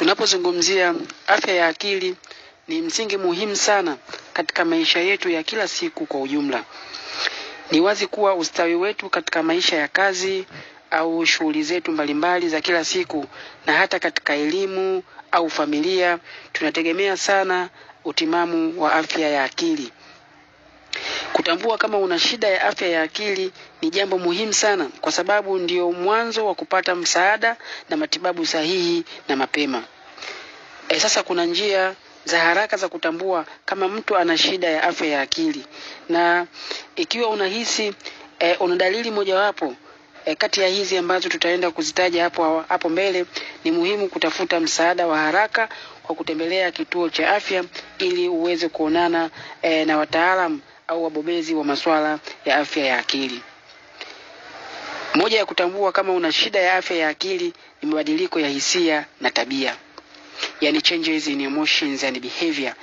Tunapozungumzia afya ya akili, ni msingi muhimu sana katika maisha yetu ya kila siku kwa ujumla. Ni wazi kuwa ustawi wetu katika maisha ya kazi au shughuli zetu mbalimbali za kila siku na hata katika elimu au familia tunategemea sana utimamu wa afya ya akili. Kutambua kama una shida ya afya ya akili ni jambo muhimu sana, kwa sababu ndio mwanzo wa kupata msaada na matibabu sahihi na mapema. E, sasa kuna njia za haraka za kutambua kama mtu ana shida ya afya ya akili, na ikiwa unahisi e, una dalili mojawapo e, kati ya hizi ambazo tutaenda kuzitaja hapo hapo mbele, ni muhimu kutafuta msaada wa haraka kwa kutembelea kituo cha afya ili uweze kuonana e, na wataalamu au wabobezi wa masuala ya afya ya akili. Moja ya kutambua kama una shida ya afya ya akili ni mabadiliko ya hisia na tabia, yani changes in emotions and behavior.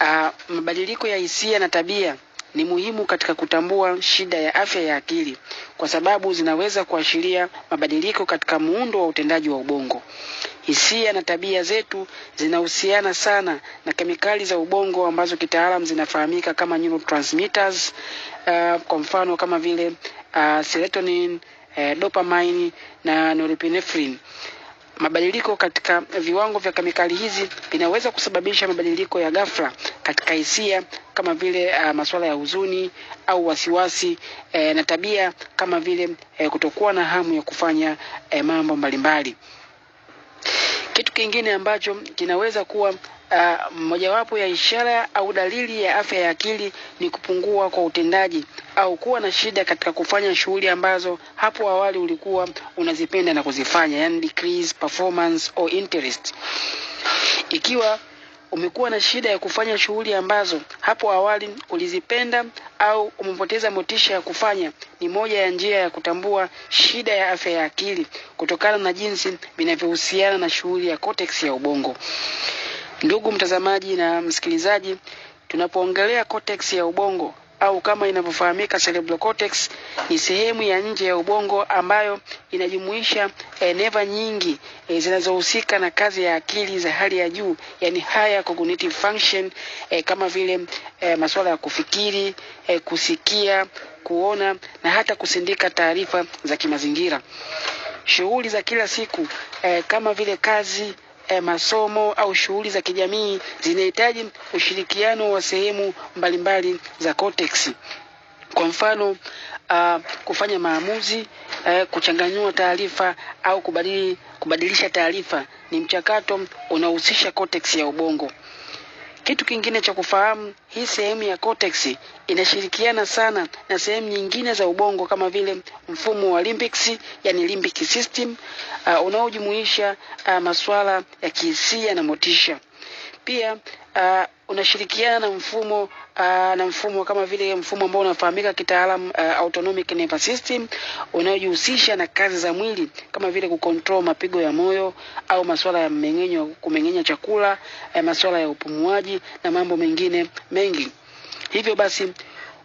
Uh, mabadiliko ya hisia na tabia ni muhimu katika kutambua shida ya afya ya akili kwa sababu zinaweza kuashiria mabadiliko katika muundo wa utendaji wa ubongo. Hisia na tabia zetu zinahusiana sana na kemikali za ubongo ambazo kitaalam zinafahamika kama neurotransmitters, uh, kwa mfano kama vile uh, serotonin, uh, dopamine na norepinephrine. Mabadiliko katika viwango vya kemikali hizi vinaweza kusababisha mabadiliko ya ghafla katika hisia kama vile uh, masuala ya huzuni au wasiwasi eh, na tabia kama vile eh, kutokuwa na hamu ya kufanya eh, mambo mbalimbali. Kitu kingine ambacho kinaweza kuwa uh, mojawapo ya ishara au dalili ya afya ya akili ni kupungua kwa utendaji au kuwa na shida katika kufanya shughuli ambazo hapo awali ulikuwa unazipenda na kuzifanya, yani decrease performance or interest. Ikiwa umekuwa na shida ya kufanya shughuli ambazo hapo awali ulizipenda au umepoteza motisha ya kufanya, ni moja ya njia ya kutambua shida ya afya ya akili kutokana na jinsi vinavyohusiana na shughuli ya cortex ya ubongo. Ndugu mtazamaji na msikilizaji, tunapoongelea cortex ya ubongo au kama inavyofahamika cerebral cortex ni sehemu ya nje ya ubongo ambayo inajumuisha e, neva nyingi e, zinazohusika na kazi ya akili za hali ya juu, yani higher cognitive function e, kama vile e, masuala ya kufikiri e, kusikia, kuona na hata kusindika taarifa za kimazingira. Shughuli za kila siku e, kama vile kazi eh, masomo au shughuli za kijamii zinahitaji ushirikiano wa sehemu mbalimbali za cortex. Kwa mfano uh, kufanya maamuzi uh, kuchanganyua taarifa au kubadili, kubadilisha taarifa ni mchakato unaohusisha cortex ya ubongo. Kitu kingine cha kufahamu, hii sehemu ya cortex inashirikiana sana na sehemu nyingine za ubongo kama vile mfumo wa limbic, yani limbic system uh, unaojumuisha uh, masuala ya kihisia na motisha. Pia uh, unashirikiana na mfumo uh, na mfumo kama vile mfumo ambao unafahamika kitaalam uh, autonomic nervous system unayojihusisha na kazi za mwili kama vile kukontrol mapigo ya moyo au masuala ya mmeng'enyo, kumeng'enya chakula, uh, eh, masuala ya upumuaji na mambo mengine mengi. Hivyo basi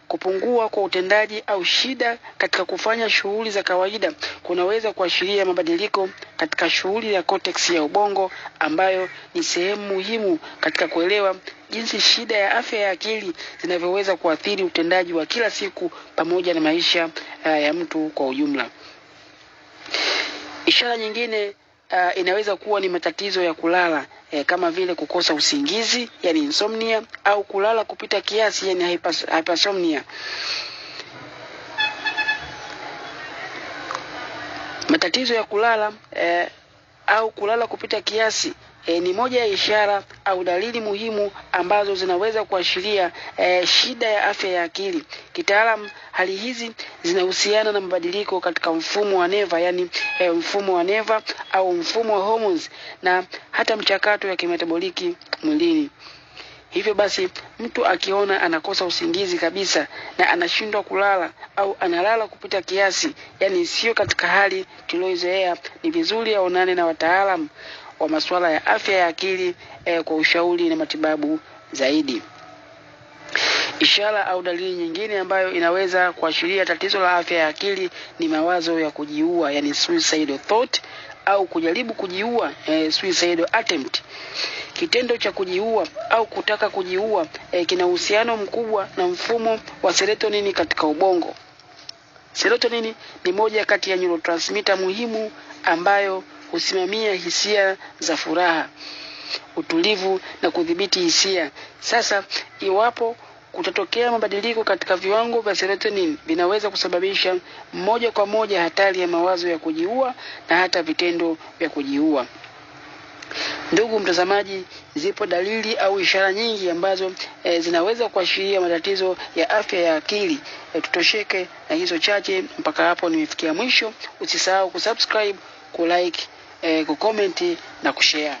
kupungua kwa utendaji au shida katika kufanya shughuli za kawaida kunaweza kuashiria mabadiliko katika shughuli ya cortex ya ubongo ambayo ni sehemu muhimu katika kuelewa jinsi shida ya afya ya akili zinavyoweza kuathiri utendaji wa kila siku pamoja na maisha uh, ya mtu kwa ujumla. Ishara nyingine uh, inaweza kuwa ni matatizo ya kulala eh, kama vile kukosa usingizi yani insomnia, au kulala kupita kiasi yani hypersomnia. Matatizo ya kulala eh, au kulala kupita kiasi E, ni moja ya ishara au dalili muhimu ambazo zinaweza kuashiria e, shida ya afya ya akili. Kitaalamu, hali hizi zinahusiana na mabadiliko katika mfumo wa neva, yani e, mfumo wa neva au mfumo wa hormones na hata mchakato ya kimetaboliki mwilini. Hivyo basi mtu akiona anakosa usingizi kabisa na anashindwa kulala au analala kupita kiasi, yani siyo katika hali tuliyoizoea, ni vizuri aonane na wataalamu wa masuala ya afya ya akili eh, kwa ushauri na matibabu zaidi. Ishara au dalili nyingine ambayo inaweza kuashiria tatizo la afya ya akili ni mawazo ya kujiua, yani suicidal thought, au kujaribu kujiua eh, suicidal attempt. Kitendo cha kujiua au kutaka kujiua e, kina uhusiano mkubwa na mfumo wa serotonin katika ubongo. Serotonin ni moja kati ya neurotransmitter muhimu ambayo husimamia hisia za furaha, utulivu na kudhibiti hisia. Sasa iwapo kutatokea mabadiliko katika viwango vya serotonin vinaweza kusababisha moja kwa moja hatari ya mawazo ya kujiua na hata vitendo vya kujiua. Ndugu mtazamaji, zipo dalili au ishara nyingi ambazo e, zinaweza kuashiria matatizo ya afya ya akili. E, tutosheke na hizo chache. Mpaka hapo nimefikia mwisho. Usisahau kusubscribe, kulike, e, kucomment na kushare.